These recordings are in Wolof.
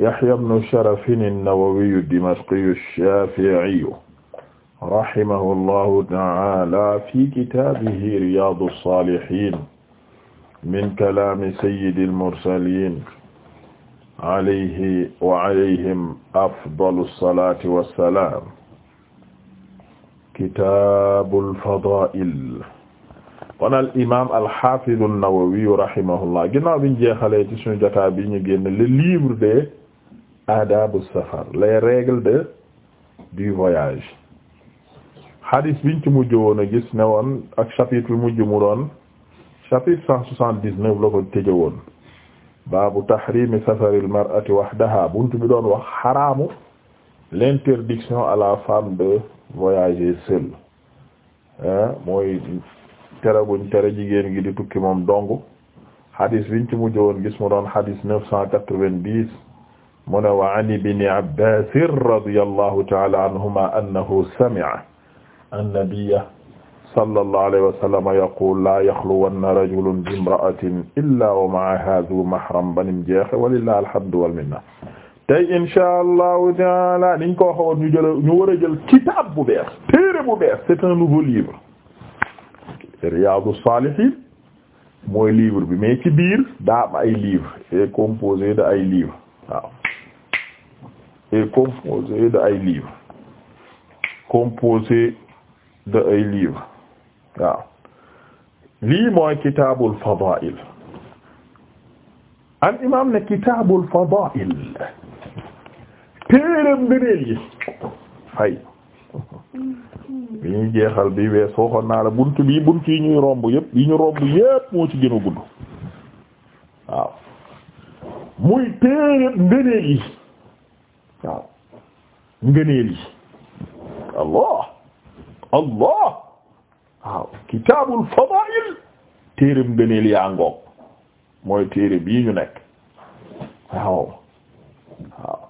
Yahya ibnu Sharafin an-Nawawiyu ad-Dimashqiyu ash-Shafi'iyu rahimahullahu ta'ala fi kitaabihi Riyaadu as-Saalihiin min kalaami sayyidil mursaliin alayhi wa alayhim afdalu as-salaati was-salaam kitaabul fadaa'il kon al imaam al haafidu an-Nawawiyu rahimahullah ginnaaw biñ jeexalee ci suñu jotaay bi ñu génn le livre de adabu safar les règles de du voyage hadis biñ ci mujj woon a gis ne woon ak chapitre mujj mu doon chapitre cent soixante-dix-neuf la ko tëje woon baabu tahrimi safaril mar'ati wahdaha buntu bi doon wax xaraamu l'interdiction à la femme de voyager seule mooy tere guñ tere jigéen gi di tukki moom dong hadis biñ ci mujj woon gis mu doon hadis neuf cent quatre-vingt-dix mu ne wa an ibni Abbaas radiyallahu ta'ala anhuma annahu sami'a annabiyya sallallahu alayhi wa sallam yaqulu laa yaxluwanna rajulun bi imra'atin illaa wa ma'ahaa zuu mahram banim jeexe walillaahi alhamdu wal minna tey inshaa Allahu ta'ala niñ ko waxoon ñu jël ñu war a jël kitaab bu bees téere bu bees c'est un nouveau livre Riyâdous Sâlihîne mooy livre bi mais ci biir daa am ay livres est composé de ay livres waaw est composé de ay livres composé de ay livres waaw lii mooy kitaabul fadaa'il al imaam ne kitaabul fadaa'il téere ngëneel yi fay bi ñuy jeexal bi wees waxoon naa la bunt bi bunt yi ñuy romb yépp yi ñu romb yépp moo ci gën a gudd waaw muy téere ngëneel yi waaw ngëneel yi allah allah waaw kitaabul fadaa'il téereem ngëneel yaa ngoog mooy téere bii ñu nekk waaw waaw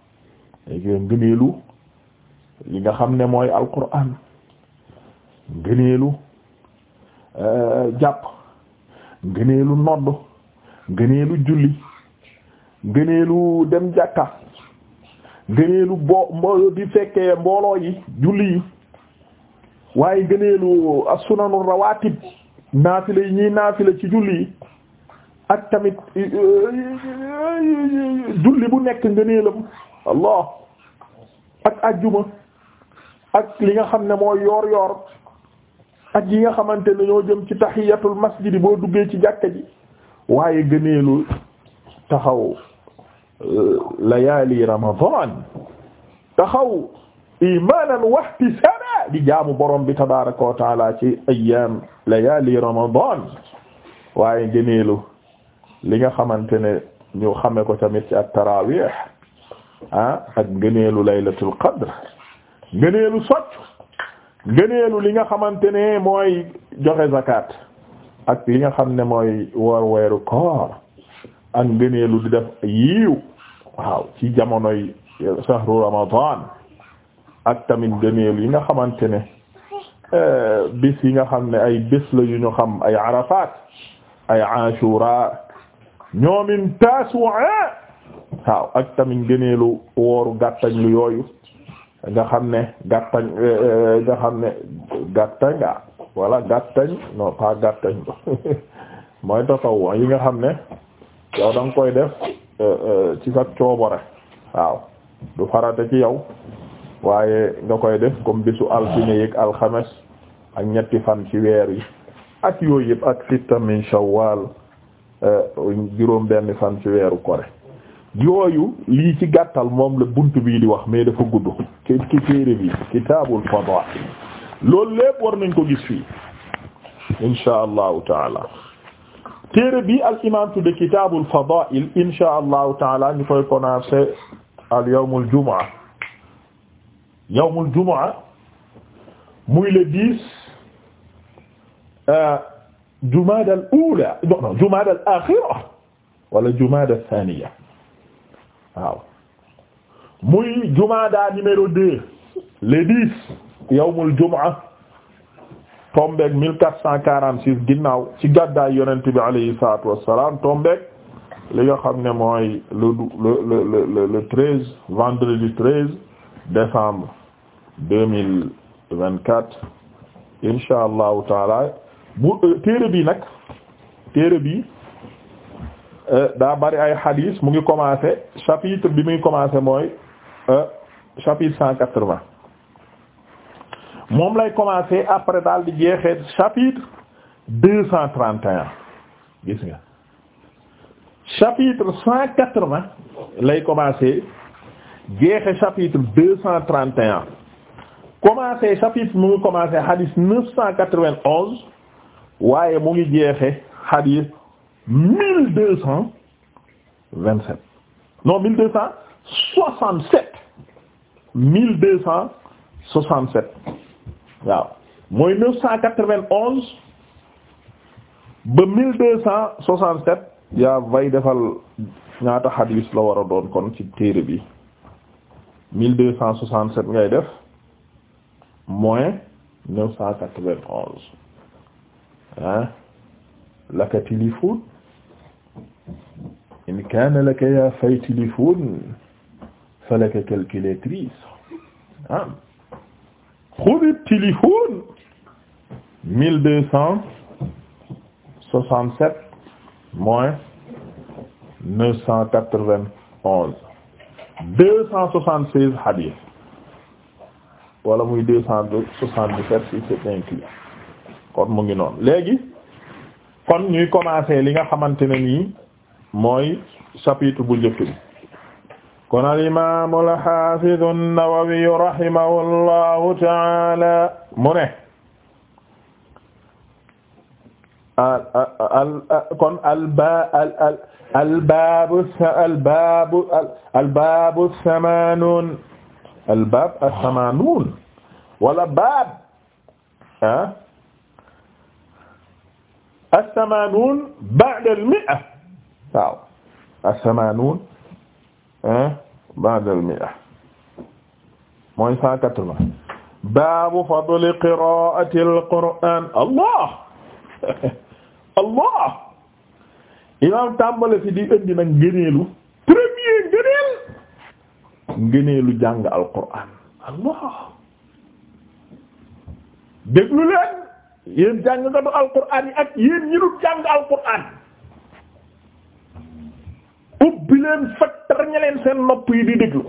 léegi ngëneelu li nga xam ne mooy alquran ngëneelu euh, jàpp ngëneelu nodd ngëneelu julli ngëneelu dem jàkka gëneelu boo mbo di fekkee mbooloo yi julli yi waaye gëneelu as-sunanu rawaatib naafila yi ñiy naafila ci julli yi ak tamit julli bu nekk ngëneelam allah ak ajjuma ak li nga xam ne mooy yoor yoor ak yi nga xamante ne ñoo jëm ci tahiyatul masjid boo duggee ci jàkka ji waaye gëneelu taxaw layaali ramadan taxaw imanan wahtisaba di jaamu borom bi tabaraka wa taala ci ayyam layaali ramadan waaye ngëneelu li nga xamante ne ñu xame ko tamit ci at tarawih ah ak ngëneelu laylatul qadr ngëneelu socc ngëneelu li nga xamante ne mooy joxe zakat ak li nga xam ne mooy woor weeru koor ak ngëneelu di def yiiw waaw ci jamonoy sahru ramadan ak tamit gëneel yi nga xamante ne euh, bis yi nga xam ne ay bis la yu ñu xam ay arafat ay ashura ñoomin taswa waaw ak tamit gëneelu wooru gàttañ lu yooyu nga xam ne gàttañ euh, nga xam ne gàttañ nga ah, wala gàttañ non mooy tasawwa yi nga xam ne yow da koy def Euh, euh, ci sa coobare waaw du farata ci yow waaye nga koy def comme bisu altine yeeg alxames ak ñetti fan ci weer yi ak yooyu yëpp ak sitta min shawwal euh, juróom benn fan ci weeru kore yooyu lii ci gàttal moom la bunt bii di wax mais dafa gudd ci ci téere bi kitaabul fadaa'il loolu lépp war nañ ko gis fii insha allahu taala téere bi al imam tudde kitaabul fadaa'il insha allahu taala ñu koy commencer al yawmul jumaa yawmul jumaa muy le dix euh, jumaada al uula non jumaada al axira wala jumaada al thaniya waaw muy jumaada numéro deux le dix yawmul jumaa cent tombeeg 1446 ginnaaw ci gàddaay yonent bi alayhi salaatu wassalaam tombeeg li nga xam ne mooy le le le le le treize vendredi treize décembre deux mille vingt quatre insha allahu taala bu euh, téere bi nag téere bi euh, daa bari ay hadith mu ngi commencer chapitre bi muy commencer mooy euh, chapitre cent quatre-vingt moom lay commencer après daal di jeexee chapitre deux cent trente nga chapitre cent quatre-vingts lay commencer jeexe chapitre deux cent trente et chapitre mu ngi commencer hadith neuf cent quatre-vingt-onze waaye mu ngi jeexe hadith mille deux cent non mille deux cent soixante-sept mille deux cent waaw mooy neuf cent quatre-vingt-onze ba mille deux cent soixante-sept yaa vay defal ñaata xadiis la war a doon kon ci téere bi mille deux cent soixante-sept ngay def moins neuf cent quatre-vingt-onze ah laka téléphone in kaana laka yaa fay téléphone fa laka calculatrice xudi téléphone mille deux cent soixante sept moins neuf cent quatre vingt onze hadith wala muy deux cent soixante dix sept si mu ngi noonu léegi kon ñuy commencer li nga xamante ne nii mooy chapitre bu njëkk kon al-imaam al-haafiz an-Nawawi rahimahullahu ta'aala mu ne kon alba albaabu albaabu albaabu samaanuun albaab as-samaanuun wala baab ah as-samaanuun ba'da al-mi'a waaw as-samaanuun ba'dal mi'a mooy cent quatre-vingts baabu fadli qiraatil qur'aan allah allah imaam tàmbale fi di indi nag ngëneelu premier ngëneel ngëneelu jàng al qur'aan allah déglu leen yéen jàng nga du al qur'aan yi ñi du jàng al qur'aan di leen fattar ña leen seen nopp yi di déglu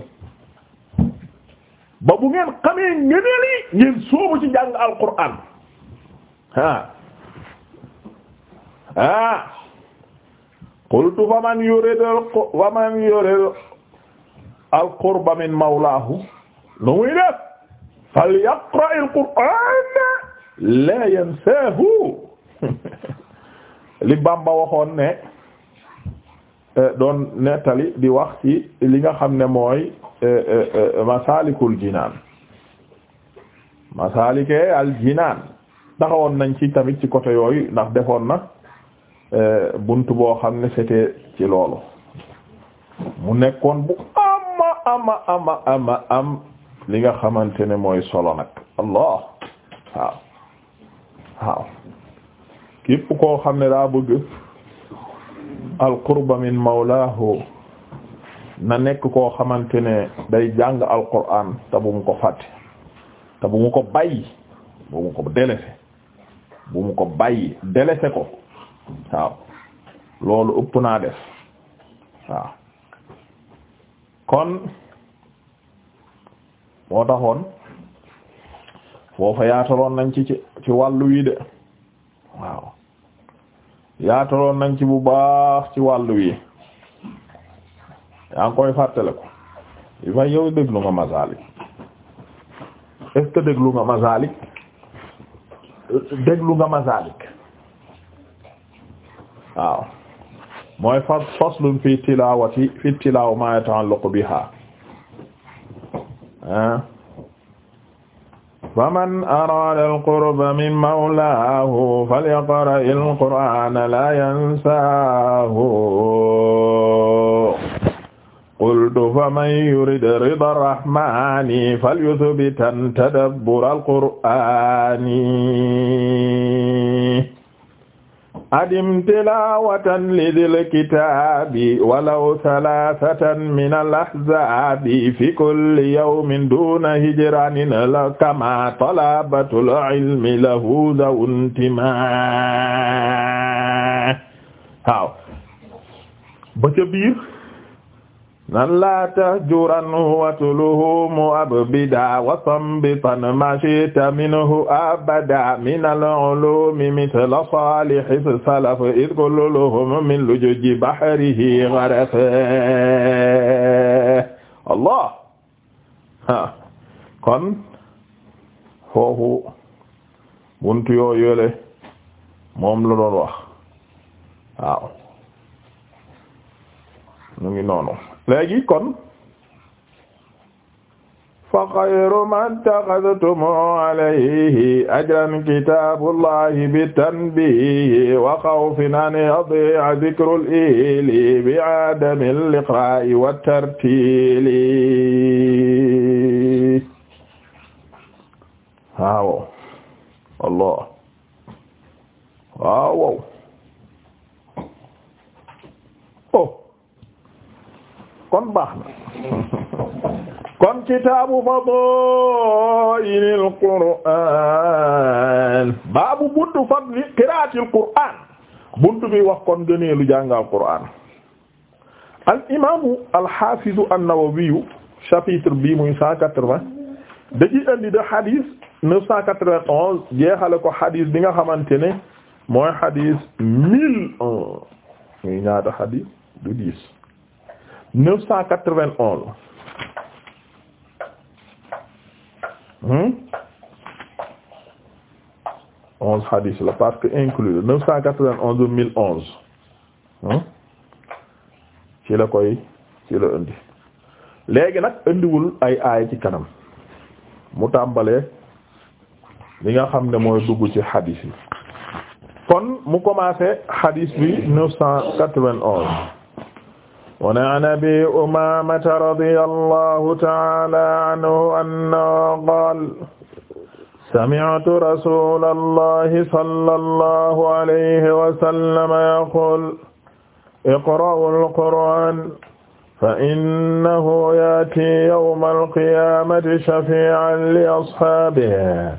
ba bu ngeen xamee ngëneel yi ngeen sóobu ci jàng alquran ah ah qultu fa man yurid wa man min mawlaahu lu muy def falyaqra alquran la yansaahu li Bamba waxoon ne Eh, doon nettali di wax ci li nga xam ne mooy eh, eh, masalikul jinaan masalike al jinaan taxawoon nañ ci tamit ci côté yooyu ndax defoon na bunt boo xam ne c'était ci loolu mu nekkoon bu ama ama ama am li nga xamante ne mooy solo nag allah waaw waaw képp koo xam ne daa bëgg alqurba min mawlaahu na nekk koo xamante ne day jàng alquraan te bu ko fàtte te bu ko bàyyi bu ko délaissé bu ko bàyyi délaissé ko waaw loolu ëpp naa def waaw kon moo taxoon foofa yaataloon nañ ci ci ci wi de waaw yaataloon nañ ci bu baax ci wàllu wi yaa ngi koy fàttale ko way yow déglu nga Mazaalik est-ce que déglu nga Mazaalik déglu nga Mazaalik waaw mooy fas faslun fi tilaawati fi tilaawa faman arada alqurba min mawlaahu falyaqra alqur'ana la yansaahu qultu faman yurid rida arrahmani falyuthbitan tadabbura alqur'ani adim tilawatan lidil kitaabi walaw salasatan min al ahzaabi fi kulli yawmin duna hijranin la kama talabatul ilmi lahu zawun tima waaw ba ca biir nan la tahjuran watluhu mu abida wasambitan mashita minhu abada min al-ulumi mithla salih salaf id kulluhum min lujuji bahrihi gharaq allah kon foofu buntu yoo yole moom la doon wax waaw ñu ngi noonu léegi kon fa xayru man taxadtum alayhi ajran kitaabullahi bitanbihi wa xawfin an yadi'a dhikrul ili bi adamil liqra'i wa tartili kitaabu fadaa'ilil qur'aan baabu buntu fadli qiraatil qur'aan buntu bi wax kon gëneelu jàngal qur'aan al imaamu al xaafidu an-Nawawiyu chapitre bii muy cent quatre-vingt daji andi de xadis neuf cent jeexale ko xadis bi nga xamante ne mooy xadis mille un muy ñaata xadis Hmm? onze hadis la parce que inclus neuf cent quatre-vingt-onze mille onze hmm? ci la koy ci la indi léegi nag indiwul ay aaya ci kanam mu tàmbalee li nga xam ne mooy dugg ci hadis yi kon mu commencé hadis bi neuf cent quatre-vingt-onze wa an Abi Umaamata radiyallahu ta'ala anhu annahu qaala sami'tu rasuulallahi sallallahu alayhi wa sallam yaquulu iqra'ul qur'aana fa innahu ya'tii yawmal qiyaamati shafii'an li ashaabihi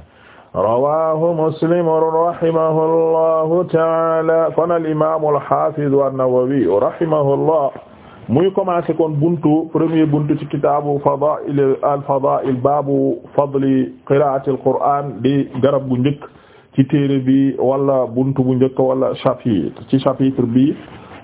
rawaahu Muslim rahimahullahu ta'ala qaala al-imaamul haafiz an-Nawawi rahimahullah muy commencé kon buntu premier buntu ci kitaabu fadaa'il al-fadaa'il baabu fadli qiraa'ati al-qur'aan di garab gu njëkk téere bi wala buntu bu njëkk wala chapitre ci chapitre bi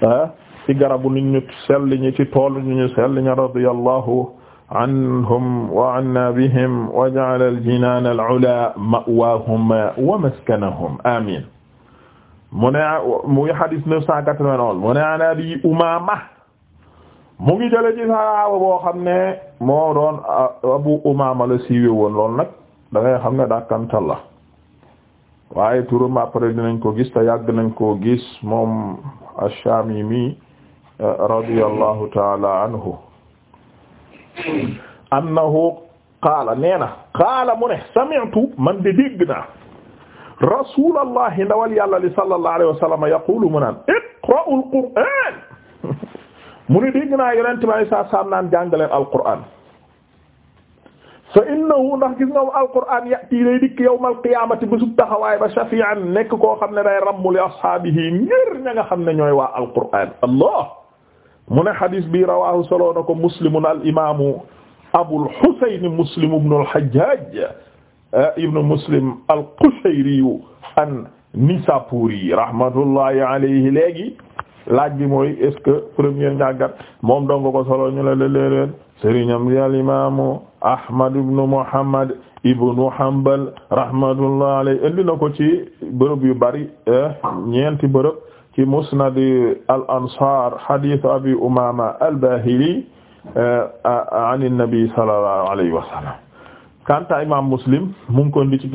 ah, ci garabu nit ñu sell ci tool ñu ñu sell ñi radiyallahu anhum wa anna bihim wa al-jinaan al-'ulaa ma'waahum wa maskanahum amiin muy hadith 991 mu ne an Abi Umaama mu ngi jële ci saxaaba boo xam ne moo doon abu umaama la siiwe woon lool nag da ngay xam ne dàkkantal la waaye turam après dinañ ko gis te yàgg nañ koo gis moom ash-Shaami mi radiyallahu taala anhu qaala nee na qaala mu ne sami'tu man de dégg naa rasulallahi ndawal yàlla li sallallahu alayhi wa sallam yaqulu mu naan iqra'u al-qur'aan mu ne dégg naa yonent bi saa saam naan jàngaleen alquran fa innahu ndax gis nga alquran yati day dikk yawmal qiyaamati bésub taxawaay ba shafi'an nekk koo xam ne day rammu li ashaabihi ngir ña nga xam ne ñooy waa alquran allah mu ne xadis bi rawaahu soloo na ko muslimun al imaamu abul husayn muslim ibnu al hajjaaj eh, ibnu muslim al qushayri an nisapuri rahmatullahi alayhi léegi laaj bi mooy est-ce que premier njàngat moom donga ko solo ñu la léeg di al imaamu Ahmad ibnu Muhammad ibnu Hanbal rahmatullah alayhi ko ci bërëb yu bari eh, ñeenti bërëb ci musnad al ansar hadith abi umama al bahili eh, an nabi sallallahu alayhi wa sallam kanta imam muslim mu ngi ko indi ci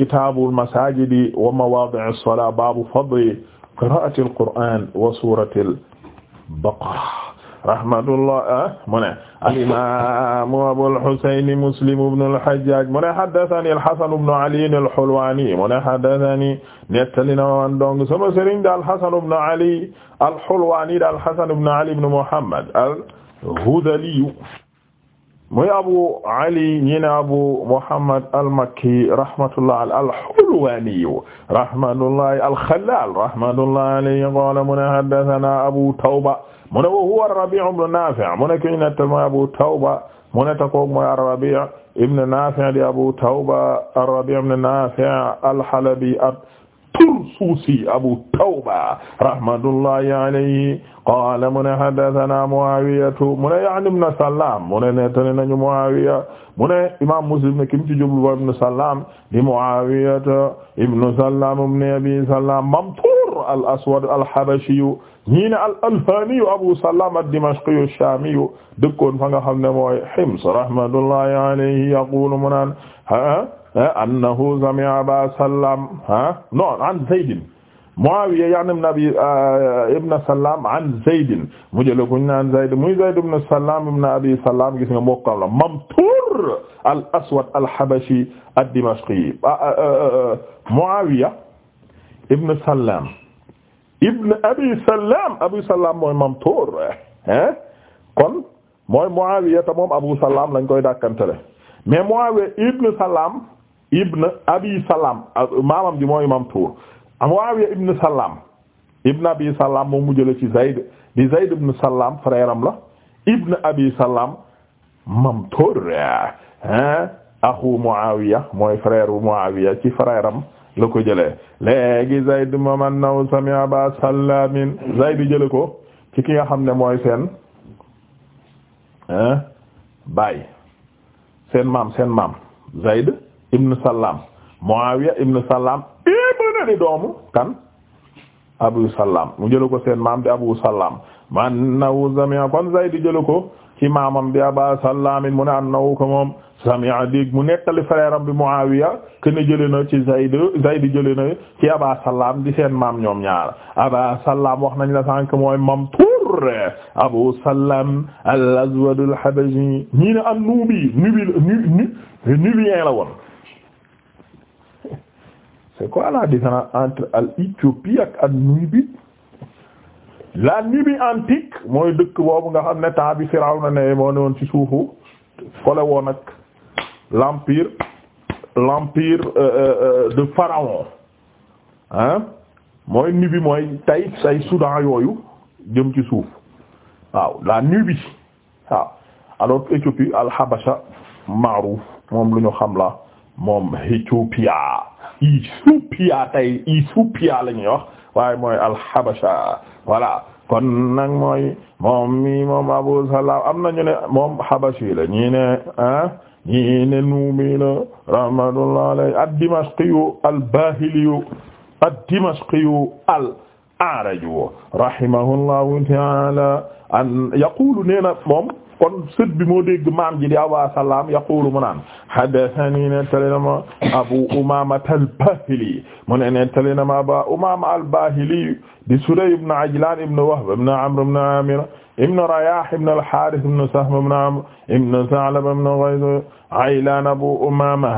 masaajidi wa mawaadi'is salaa baabu fadli qira'atil qur'aan wa suuratil baqara rahmatullah ah, mu ne alimamu abulhusaini muslim bnu alhajjaj mu ne haddathani alhasanu bnu aliyin alhulwani mu ne haddathani nettali na man dong sama sëriñ da alhasanu bnu ali alhulwani da alhasanu bnu ali bnu muhammad alhudaliyu muy abu ali ñi ne abu muhammad al-makki rahmatullahi al-hulwani rahmatullahi al-khallal rahmatullahi alayhi qala mu ne haddathana abu tawba mu ne wa huwa ar-rabi' ibn nafi' mu ne ki ñu nettal mooy abu tawba mu ne takoog mooy ar-rabi' ibn nafi' di abu tawba ar-rabi' ibn nafi' al-halabi Tursuusi Abu Tawba rahmatullahi alayhi qaala mu ne haddasanaa Mu'aawiyatu mu ne ya'ni ibn Salaam mu ne nettali nañu Mu'aawiya mu ne imaam Muslim ne ki mu ci jublu ba ibn Salaam di Mu'aawiyatu ibn Salaam ibn Abi Salaam Mamtuur al-Aswad al-Habashiyu ñii ne al-Alfaaniyu Abu Salaam ad-Dimashqiyu ash-Shaamiyu dëkkoon fa nga xam ne mooy Hims rahmatullahi alayhi yaquulu mu naan annahu sami'a Aba Salam ah non an Zaydin Muawiya yaani ibn Abi ah, ibn Salam an Zaydin mu jëlee ko ñu naan Zayd muy Zayd ibn Salam ibn Abi Salam gis nga mbokkam la Mamtur al-Aswad al-Habashi ad-Dimashqi ah, ah, Muawiya ibn Salam ibn Abi Salam Abi Salam mooy Mamtur ah kon mooy Muawiya te moom Abu Salam lañ koy dàkkantele mais Muawiya ibn Salam ibn abi salaam maamam ji mooy imam tuur Muawiya ibn salaam ibn abi salaam moom mu jële ci zayd di zayd ibn salaam frère am la ibn abi salaam mamtur hein axu Muawiya mooy frère Muawiya ci frère la ko jëlee léegi zayd maman naw sami salaamin zayd jële ko ci ki nga xam ne mooy seen hein baay seen maam seen maam zayd ibn Salam Muawiya ibn Salam ibn di doomu kan Abu Salam mu jëlu ko seen maam di Abu Salam man nawu sami'a kon Zayd jëlu ko ci maamam bi Aba Salam mu ne annahu ko moom sami'a dégg mu nettali frère am bi Muawiya ken jële na ci Zayd Zayd jële na ci Aba Salam di seen maam ñoom ñaar Aba Salam wax nañ la sànk mooy mam Abu Salam al-Azwad al ñii ne am nuubi nubi nubi nubien la woon c'est quoi la différence entre l'Éthiopie ak ak Nubie la Nubie antique mooy dëkk boobu nga xam ne temps bi Firawna ne moo ne woon ci suufu kole woon ak l'empire l'empire euh, euh, euh, de pharaon ah mooy Nubie mooy tay say Soudan yooyu jëm ci suuf waaw la Nubie waaw alors Éthiopie al Habasha maaruuf moom lu ñu xam la moom Éthiopia Ethiopia tey Ethiopia la ñuy wax waaye mooy alxabasha voilà kon nag mooy moom mi moom Abu Salam am na ñu ne moom xabashi la ñii ne ah ñii ne nuumi la rahmatullah alayhi ad-Dimashqiyu al-Bahiliyu ad-Dimashqiyu al-A'raju rahimahullahu ta'ala an yaqulu nee na moom kon sët bi moo dégg maam ji di Abaa Salaam yaqulu mu naan haddathanii nettali na ma Abu Umaama al-Baahili mu ne nettali na ma Abu Umaama al-Baahili di Sudayy ibn Ajlaan ibn Wahb ibn Amr ibn Aamir ibn Riyaah ibn al-Haarith ibn Sahm ibn Amr ibn Sa'laba ibn Ghayth Aylaan Abu Umaama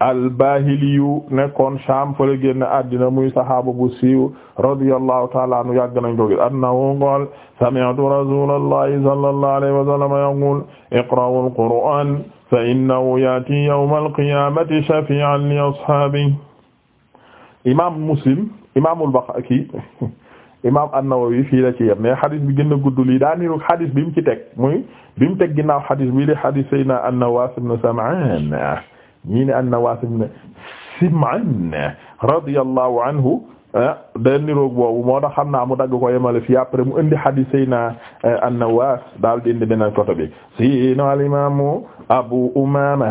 albahiliyu nekkoon Sham fële génn àddina muy sahaaba bu siiw radiyallahu ta'ala anhu yàgg nañ ko gis annahu qaala sami'tu rasulallahi sallallahu alayhi wa sallam yaqul iqra'u al-qur'an fa innahu ya'ti yawma al-qiyamati shafi'an li ashabihi imam Muslim imam al-Baqi imam an-Nawawi fii la ci yem mais xadis bi gën a gudd lii daa niru xadis bi mu ci teg muy bi mu teg ginnaaw xadis bii di xadis Sayyidina an-Nawas ibn Sam'an ñii ne an-Nawaas ibn Sim'aan radiyallahu anhu ah, den niroog boobu moo tax xam naa mu dagg ko yemale fii après mu indi hadith sayna eh, an-Nawaas daal di indi beneen côté bi si no al-imaamu Abu Umaama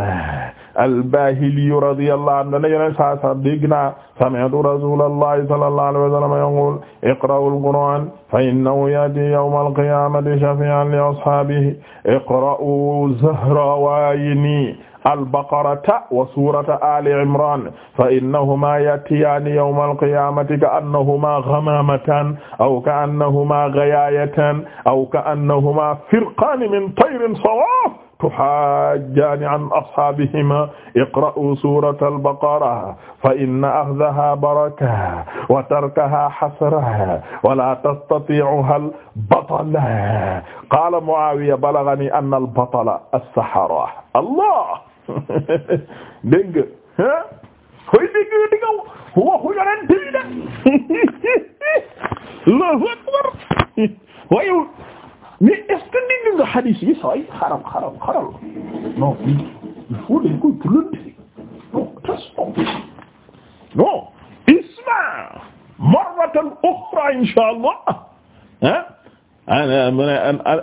al-Bahili radiyallahu anhu dana yeneen saa saa dégg naa sami'tu rasulallahi sallallahu alayhi wa sallam yaqul iqra'ul qur'an fa innahu ya'ti yawmal qiyamati shafi'an li ashabihi iqra'u zahrawayni albaqarata wa surata ali imran fa innahuma yatiyaani yawma alqiyamati ka annahuma ghamamatan aw ka annahuma ghayayatan aw ka annahuma firqan min tayrin sawaf tuhajjaani an ashaabihima iqra'u suurata al-baqara fa inna axdaha baraka wa tarkaha xasra wala tastatiicuha al-batala qaala Mu'aawiya balaganii anna al-batala as-saxara allah dégg nga koy dégg diggaw waxu yonent bi de Allahu akbar mais est-ce que nit nga xadis yi saway xaram xaram xaram non il faut dañ koy plante non testoppi non isma marratan ukhra insha allah ah ana mu ne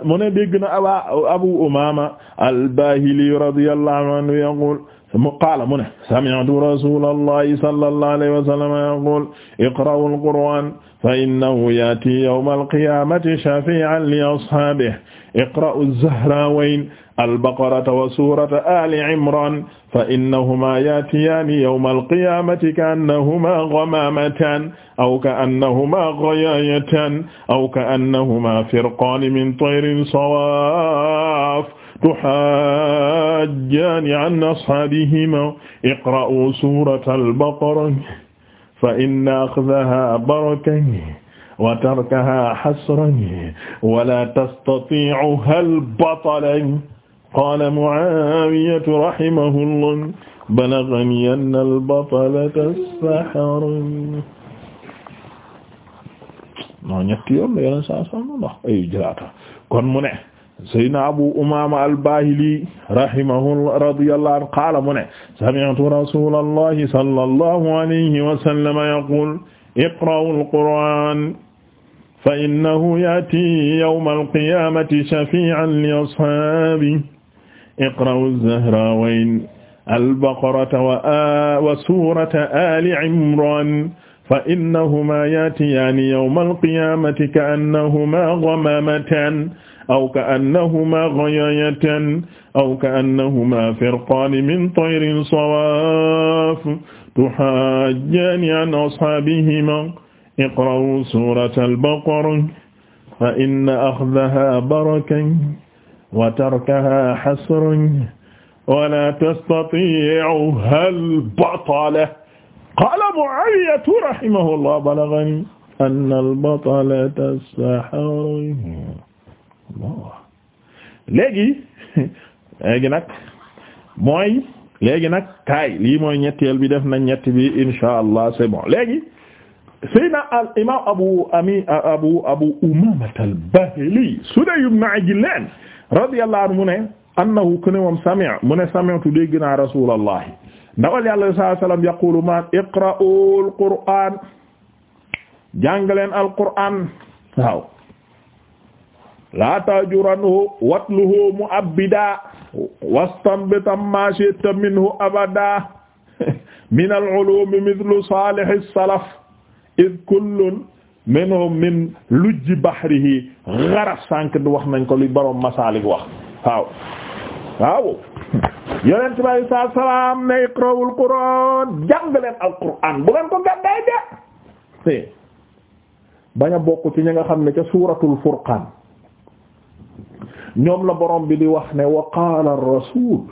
mu ne dégg na aba Abu Umama al-Bahili radiyallahu anhu yaqul mu qaala mu ne sami'tu rasulallahi sallallahu alayhi wa sallam yaqul iqra'u alqur'an fa innahu ya'ti yawma alqiyamati shafi'an li ashabihi iqra'u az-zahrawayn albaqarata wa surata ali imran fa innahuma ya'tiyani yawma alqiyamati ka'annahuma ghamamatan aw ka'annahuma ghayayatan aw ka'annahuma firqan min tayrin sawaf tuhajjaani an ashaabihima iqra'uu suurata al-baqara fa inna axdahaa barakan wa tarkahaa hasran wa laa tastatii'uhaa al-batalan qaala Mu'aawiyatu rahimahullah balaghanii anna al-batalata sahrun non ñetti yoon la yeneen saa saa ndax ay jëlaata kon mu ne Seydina Abu Umaama al-Baahili rahimahu radiyallahu anhu qaala mu ne sami'tu rasuulallahi sallallahu alayhi wa sallam yaquul iqra'u al-qur'aan fa innahu ya'tii yawma al-qiyaamati shafii'an li ashaabihi iqra'u az-zahraawayn al-baqarata wa suurata aali imraan fa innahumaa ya'tiyaani yawma al-qiyaamati ka'annahumaa ghamaamataan aw ka'annahuma ghayatan aw ka'annahuma firqan min tayrin sawaf tuhajjani an ashabihima iqra'u surata al-baqara fa inna akhdhaha barakan wa tarkaha hasran wa la tastati'uha al-batala qala Mu'awiya rahimahullah balaghani anna al-batalata as-sahara léegi léegi nag mooy léegi nag kaay lii mooy ñetteel bi def nañ ñett bi insha allah c'est bon léegi Seydina al imam abu ami abu abu umamat al bahili Sudayy ibn Ajlan radiyallahu anhu mu ne annahu ku ne moom sami'a mu ne sami'tu dégg naa rasulullah ndawal yàlla sallallahu alayhi wasallam yaqulu maan iqra'ul qur'an jàng leen al qur'an waaw la tajuranhu watluhu mu'abbida wastanbita ma shi'ta minhu abada min al-ulumi mithlu salih as-salaf id kullun minhum min lujji bahrihi gharaf sànq di wax nañ ko li borom masalik wax waaw waaw yonent bi alei salaatu salaam ne iqrawul qur'an jàng leen alquran bu leen ko gàddaay de bañ a bokk ci ñi nga xam ne ca suuratul furqaan ñoom la boroom bi di wax ne wa qaala ar-rasuul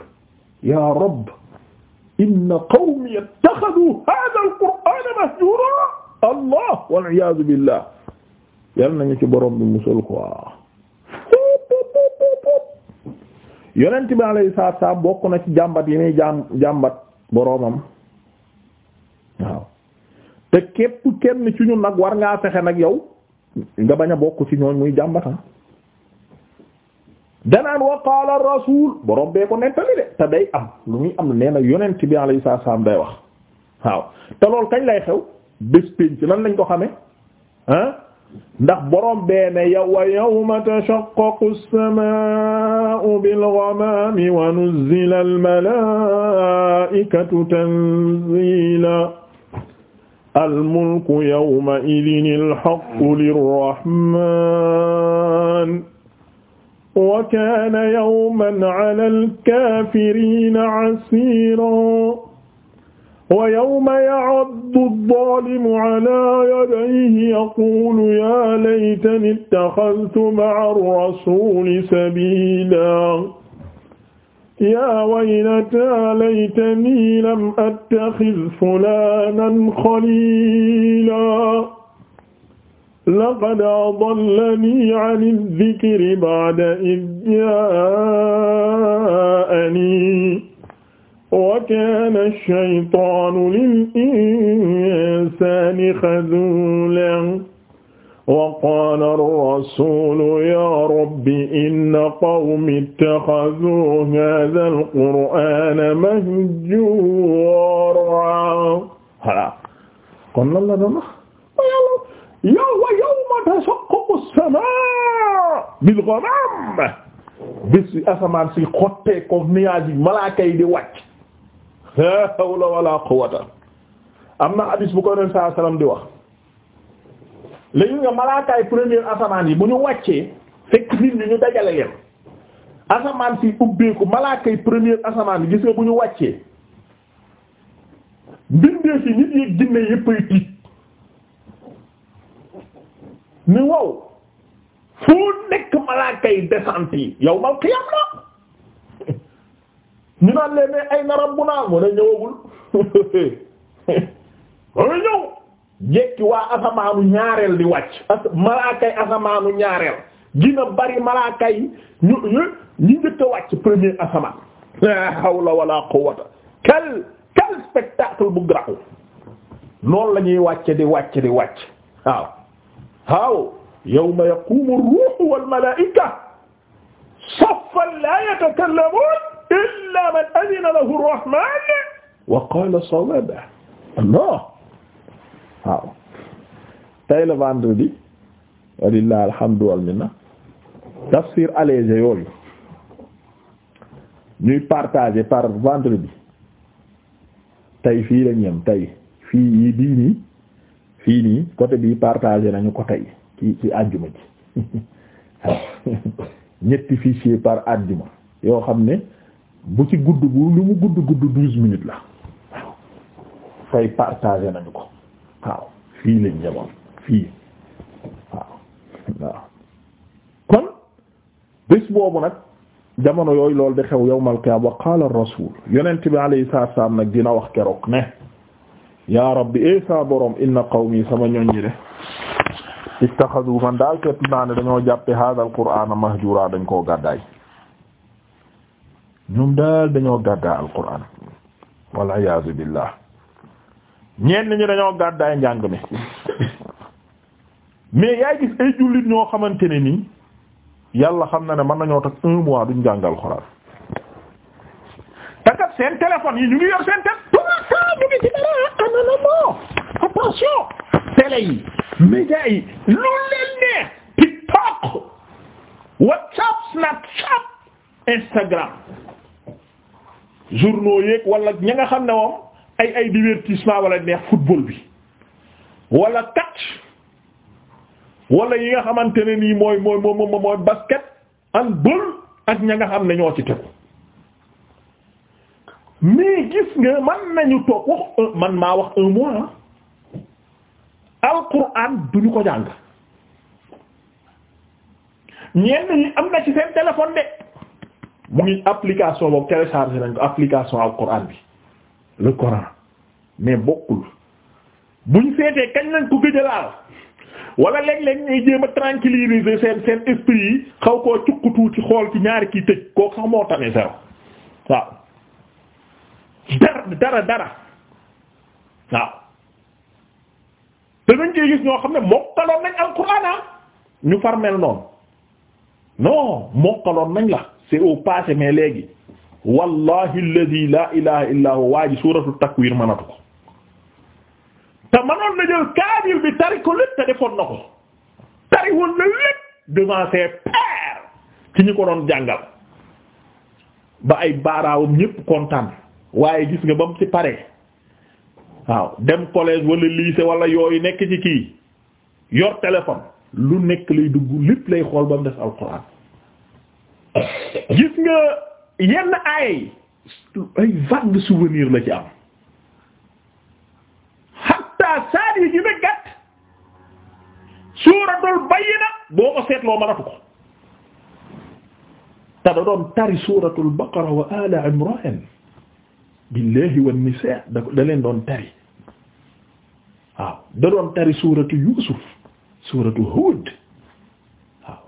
yaa rabb inna qawmi ittaxaduu allah wal iyaadu billah yal nañu ci boroom bi musal ko yonent bi alayhi salaatu salaam bokk na ci jàmbat yi muy jàm jàmbat boroomam waaw te képp kenn ci ñu nag war ngaa fexe nag yow nga bañ a bokk ci ñooñ muy jàmbata ah. danaan wa qaala rasul borom bee ko nettali de te day am lu muy am nee na yonent bi alayhi salaam day wax waaw te loolu kañ lay xew bés pénc lan lañ ko xamee ah ndax borom bee ne yow wa yawma tashaqqaqu as-samaa'u bil ghamaami wa nuzzila al malaa'ikatu tanziila al mulku yawma idhin al wa kaana yawman alal kaafiriina asiiran wa yawma ya'addu az-zaalimu alaa yadayhi yaquulu yaa laytanii ittaxaztu ma'a ar-rasuuli sabiilaa yaa waylataa laytanii lam attaxiz fulaanan xaliilaa laqad adallanii an adh-dhikri ba'da idh jaa'anii wa kaana ash-shaytaanu lil-insaani khazuulan wa qaala ar-rasuulu yaa rabbi inna qawmi ittakhadhuu haadha al-qur'aana mahjuuran voilà kon lan la doon wax yawma yawma tashaqqaqu as-samaa bil ghamam bis asamaan si xottee ko nuages yi malaaka yi di wàcc la hawla wala am na hadis bu ko ren saa salaam di wax léegi nga malaakaay premier asamaan yi bu ñu wàccee fekk nit ñu dajale leen asamaan si ubbeeku malaakaay premier asamaan yi gis nga bu ñu wàccee mbindeef yi nit yi ginne yépp ay ni wow foo nekk malaaka yi descente yi yawmal la ñu naan leen ne ay naa rabbuna mu ne ñëwagul wala ñëw jekki waa asamaanu ñaareel di wàcc malaakay asamaanu ñaareel gina bari malaaka yi ñu ñu ñu njëkk a premier asamaan la hawla wala quwwata quel spectacle bu graw noonu la ñuy wàcce di wàcc di wàcc waaw waaw yawma yaqumu ruuhu wal malaa'ikatu saffan laa yatakallamuuna illaa man adina lahu ar-rahmaan wa qaala sawaaban Allah waaw tey la vendredi walillahi alhamdu wal minna tafsir allégé yooyu ñuy partagé par vendredi tey fii lañ yem tey fii yi diini fii nii côté bii partagé nañu ko tey ci ci àjjuma ji ñetti fichier par àjjuma yoo xam ne bu ci gudd bu lu mu gudd gudd douze minutes la waaw fay partagé nañu ko waaw fii lañ jamoon fii waaw waaw kon bés boobu nag jamono yooyu loolu di xew yawmal qiyaama wa qaala rasul yonent bi alayhi salaatu wa salaam nag dina wax keroog ne yaa rabbi e sa borom inna qawmi sama ñoññi de ittaxadu man daal kett naa dañoo jàppe hada al qur'ana dañ koo gàddaay ñoom daal dañoo gàddaay al qur'an wal iyaazu billah ñenn ñi dañoo gàddaay njàng mi mais yaay gis ay jullit ñoo xamante ne nii yàlla xam na ne mën nañoo tax un mois duñ jàngal alxuraan seen téléphone yi ñu ngi yor seen téléphone tout le temps ñu lu leen neex TikTok WhatsApp Snapchat Instagram journaux yeeg wala ña nga xam ne moom ay ay divertissement wala neex football bi wala catch wala yi nga xamante ne nii mooy mooy mooy basket handball ak ña nga xam ne ñoo ci tegu mais gis nga man nañu toog wax man maa wax un mois ah. alquran duñu ko jàng ñenn ñi am na ci seen téléphone de mu ngi application boobu téléchargé nañ ko application alquran bi le Coran mais bokkul buñ seetee kañ lañ ko gëjalaal wala léeg-léeg ñuy jéem a tranquilliser seen seen esprit yi xaw koo cukkutu ci xool ci ñaari kii tëj kooku sax moo tane sero waaw dara dara dara waaw te dañ koy gis ñoo xam ne mokkaloon nañ alquraan ah. ñu farmel noonu non mokkaloon nañ la c'est au passé mais léegi wallahi alladhi la ilaha illa huwa waa ji suratul takwir mënatu ma te na jël kaamil bi tari ko lépp defoon na ko tari woon na lépp devant ses pairs ci ñu ko doon jàngal ba ay baaraawam ñépp kontaan waaye gis nga ba mu ci pare waaw dem collège wala lycée wala yooyu nekk ci kii yor téléphone lu nekk lay dugg lépp lay xool ba mu des alquran gis nga yenn ay ay vague souvenir la ci am hatta saar yi gën a gàtt suuratul boo ko seetloo mënatu ko te da doon tari suuratul baqara wa ala imran billahi wan nisaa da da leen doon tari waaw da doon tari suuratu Yuusuf suuratu Hud waaw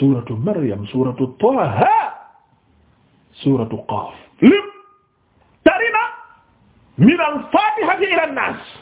suuratu Maryam suuratu Taaha suuratu Qaaf lépp tari na min al-faatihati ila an-naas